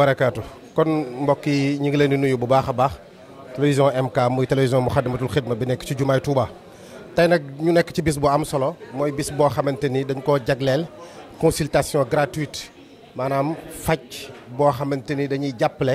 barakaatu kon mbokk yi ñu ngi leen di nuyu bu baax a baax télévision MK muy télévision Muxaddamatul Xidma bi nekk ci jumaay Touba. tey nag ñu nekk ci bis boo am solo mooy bis boo xamante ni dañ koo jagleel consultation gratuite maanaam faj boo xamante ni dañuy jàppale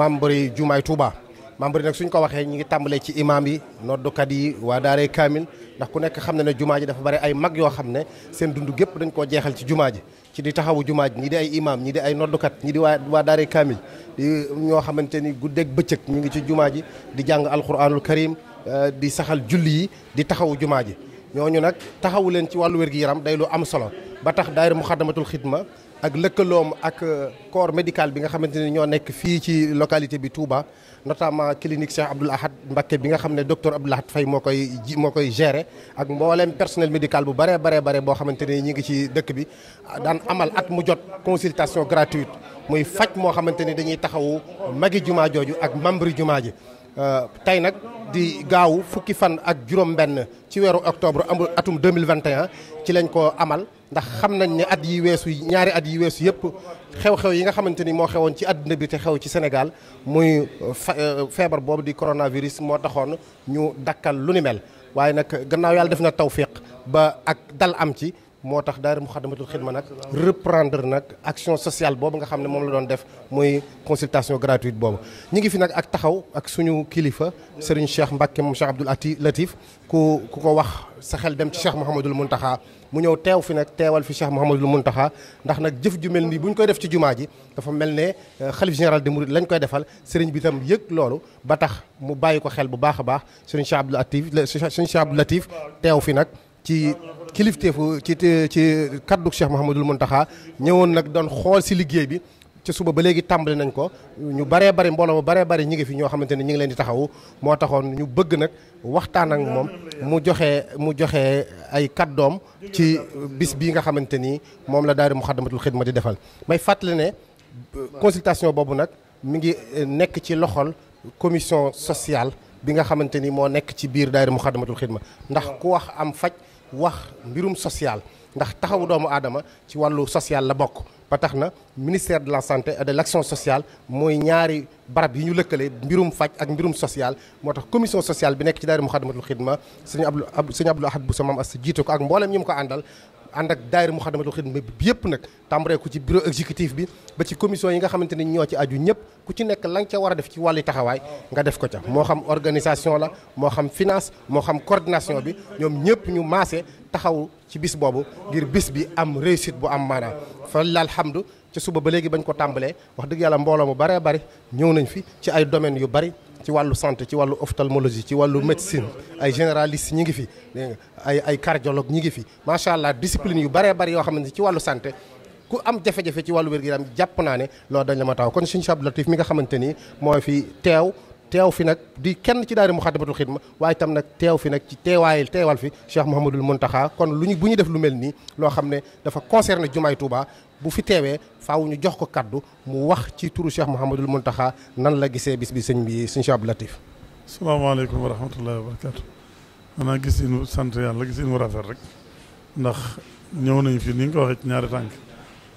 membre yi jumaay Touba. membre yi nag suñ ko waxee ñi ngi tàmbalee ci imaam yi noddukat yi waa daaree kaamil ndax ku nekk xam na ne jumaa ji dafa bari ay mag yoo xam ne seen dund gépp dañ koo jeexal ci jumaa ji ci di taxawu jumaa ji ñi di ay imaam ñi di ay noddukat ñi di waa waa daaree kaamil di ñoo xamante ni guddeeg bëccëg ñu ngi ci jumaa ji di jàng alquranul karim eh, di saxal julli yi di taxawu jumaa ji ñooñu nag taxawu leen ci wàllu wér-gi-yaram day lu am solo ba tax daayira Muxaddamatul Xidma ak lëkkaloom ak euh, corps médical bi nga xamante ne ñoo nekk fii ci localité bi Touba notamment clinique Cheikh Abdoul Ahad Mbacké bi nga xam ne doctor Abdoul Ahad fay moo koy moo koy gérer ak mbooleem personnel médical bu baree baree bare boo xamante ne ñi ngi ci dëkk bi daan amal at mu jot consultation gratuite muy faj moo xamante ni dañuy taxawu magi jumaa jooju ak membre jumaa ji Euh, tey nag di gaaw fukki fan ak juróom-benn ci weeru octobre amul atum 2021 ci lañ ko amal ndax xam nañ ne at yi weesu ñaari at yi weesu yëpp xew-xew yi nga xamante ni moo xewoon ci àdduna bi te xew ci senegal muy euh, euh, feebar boobu di coronavirus moo taxoon ñu dakkal lu ni mel waaye nag gannaaw yàlla def na tawfiq ba ak dal am ci moo tax daayira Muxaddamatul Xidma nag reprendre nag action sociale boobu nga xam ne moom la doon def muy consultation gratuite boobu ñi ngi fi nag ak taxaw ak suñu kilifa Serigne Cheikh Mbacke moom Cheikh Abdoul Ati Latif ku ku ko wax sa xel dem ci Cheikh mun Mountakha mu ñëw teew fi nag teewal fi Cheikh mun Mountakha ndax nag jëf ju mel bu ñu koy def ci jumaa ji dafa mel ne euh, xalif général de Mouride lañ koy defal sëriñ bi tam yëg loolu ba tax mu bàyyi ko xel bu baax a baax Serigne Cheikh Abdoul Atif Serigne Cheikh Abdoul Latif teew fi nag ci kilifteefu ci ci kaddu Cheikh Mouhamadul Mountakha ñëwoon nag doon xool si liggéey bi ci suba ba léegi tàmbali nañ ko ñu baree bari mbooloo ba baree bari ñi ngi fi ñoo xamante ne ñi ngi leen di taxawu moo taxoon ñu bëgg nag waxtaan ak moom mu joxe mu joxe ay kaddoom ci bis bii nga xamante ni moom la daari Muxaddamatul Xidma di defal may fàttali ne consultation boobu nag mi ngi eh, nekk ci loxol commission sociale bi nga xamante ni moo nekk ci biir daayira Muxaddamatul Xidma ndax ku wax mbirum social ndax taxawu doomu aadama ci wàllu social la bokk ba tax na ministère de la santé et de l'action sociale mooy ñaari barab yi ñu lëkkale mbirum faj ak mbirum social moo tax commission sociale bi nekk ci daara Muxaddamatul Xidma sëñ Abdou sëñ Abdou Ahad bu sa maam as jiite ko ak mboolem ñi mu ko àndal ànd ak daayira Moukhaddamatoul Khidma bi yëpp nag tàmbaree ko ci bureau exécutif bi ba ci commission yi nga xamante ni ñoo ci aju ñëpp ku ci nekk la nga ca war a def ci wàlli taxawaay nga def ko ca moo xam organisation la moo xam finance moo xam coordination bi ñoom ñëpp ñu maase taxaw ci bis boobu ngir bis bi am réussite bu am maanaam fa alhamdu ci suba ba léegi bañ ko tàmbalee wax dëgg yàlla mbooloo mu baree bari ñëw nañ fi ci ay domaines yu bari ci wàllu santé ci wàllu ophtalmologie ci wàllu médecine ay généraliste ñi ngi fi ay ay cardiologue ñi ngi fi macha allah discipline yu baree bari yoo xamante ci wàllu santé ku am jafe-jafe ci wàllu wér-gu-yaram jàpp naa ne loolu dañ la ma taw kon Serigne Abdou mi nga xamante ni moo fi teew teew fi nag di kenn ci daari muxaddamatul xidma waaye itam nag teew fi nag ci teewaayil teewal fi Cheikh Mouhamadul Mountakha kon lu ñu bu ñu def lu mel nii loo xam ne dafa concerné jumaay Touba bu fi teewee faaw ñu jox ko kàddu mu wax ci turu Cheikh Mouhamadul Mountakha nan la gisee bis bi sëñ bi sëñ Cheikh Abdou Latif salaamaaleykum wa rahmatullahi wa barakatu maanaam gis inu sant yàlla gis inu rafet rek ndax ñëw nañ fi ni nga ko waxee ci ñaari tànk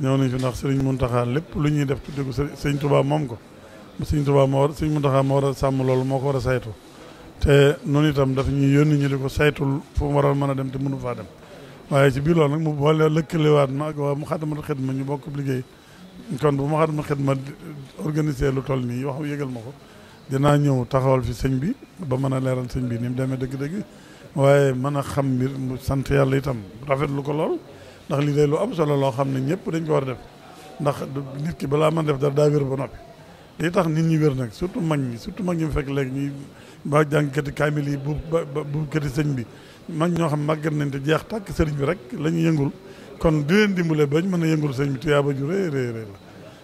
ñëw nañ fi ndax lépp lu ñuy def tudde ko sëriñ Touba moom ko Sëñ Tuubaa moo war Sëñ Muntaxaa moo war a sàmm loolu moo ko war a saytu te noonu itam dafa ñuy yónni ñu di ko saytul fu mu waroon mën a dem te mënu faa dem waaye si biir loolu nag mu boole lëkkalewaat ma ak waa Muxaddamatul Xidma ñu bokk liggéey kon bu Muxaddamatul Xidma organisé lu toll nii wax yëgal ma ko dinaa ñëw taxawal fi sëñ bi ba mën a leeral sëñ bi ni mu demee dëgg-dëgg waaye mën a xam mbir mu sant yàlla itam rafetlu ko lool ndax lii day lu am solo loo xam ne ñëpp dañ ko war a def ndax nit ki balaa man def dara daa wér ba noppi li tax nit ñi wér nag surtout mag ñi surtout mag ñi mu fekk léegi ñuy ba jàngkati kaamil yi bu bu kati sëñ bi mag ñoo xam màggat nañ te jeex takk sëriñ bi rek la ñu yëngul kon di leen dimbale bañ mën a yëngul sëñ bi tuyaaba ju rëy rëy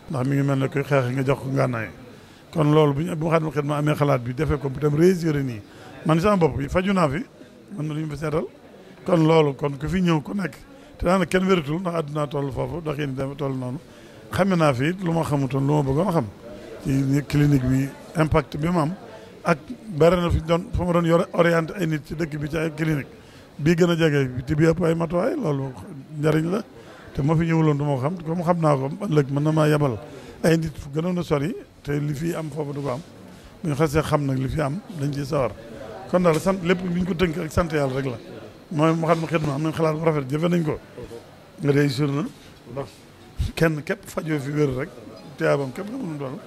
ndax mi ngi mel ne koy xeex nga jox ko ngànnaay kon loolu bu ñu bu xaat ma ma amee xalaat bi defee ko itam réussir nii man sama bopp bi faju naa fi man na lu ñu fa seetal kon loolu kon ku fi ñëw ku nekk te daanaka kenn wératul ndax àdduna toll foofu ndax yéen itam toll noonu xame naa fi it lu ma xamutoon lu ma xam ci clinique bi impact bi mu am ak bare na fi doon fa ma doon yore orienté ay nit ci dëkk bi ci ay clinique bii gën a jege te bii ëpp ay matuwaay loolu njariñ la te moo fi ñëwuloon du ma ko xam xam naa ko ëllëg mën na maa yebal ay nit fu gënoon a sori te li fi am foofu du ko am bu ñu xasee xam nag li fi am dañ ci sawar kon daal sant lépp bi ñu ko tënk ak sant yàlla rek la mooy mu xam xet ma am nañ xalaat bu rafet jëfe nañ ko réussir na ndax kenn képp fajoo fi wér rek tiyaabam képp nga mënum doon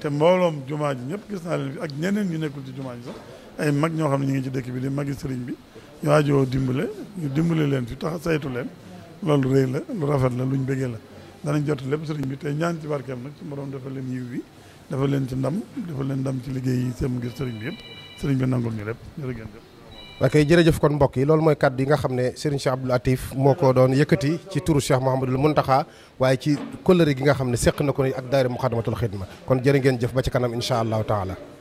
te mbooloom jumaa ji ñëpp gis naa leen fi ak ñeneen ñu nekkul ci jumaa ji sax ay mag ñoo xam ne ñu ngi ci dëkk bi di mag magi sëriñ bi ñu aajoo dimbale ñu dimbale leen fi tax saytu leen loolu rëy la lu rafet la luñ bëggee la danañ jot lépp sëriñ bi tey ñaan ci barkeem nag ci moroom dafa leen yiw bi dafa leen ci ndam dafa leen ndam ci liggéey yi seen ngir sëriñ bi yëpp sëriñ bi nangul ñu lépp jërëjëf waaye kay jërëjëf kon mbokk yi loolu mooy kàddu yi nga xam ne Serigne Cheikh Abdou Latif moo ko doon yëkkati ci turu Cheikh Mouhamadul Mountakha waaye ci kóllëre gi nga xam ne seq na ko ni ak daayira Muxaddamatul Xidma kon jërë ngeen jëf ba ci kanam incha allahu taala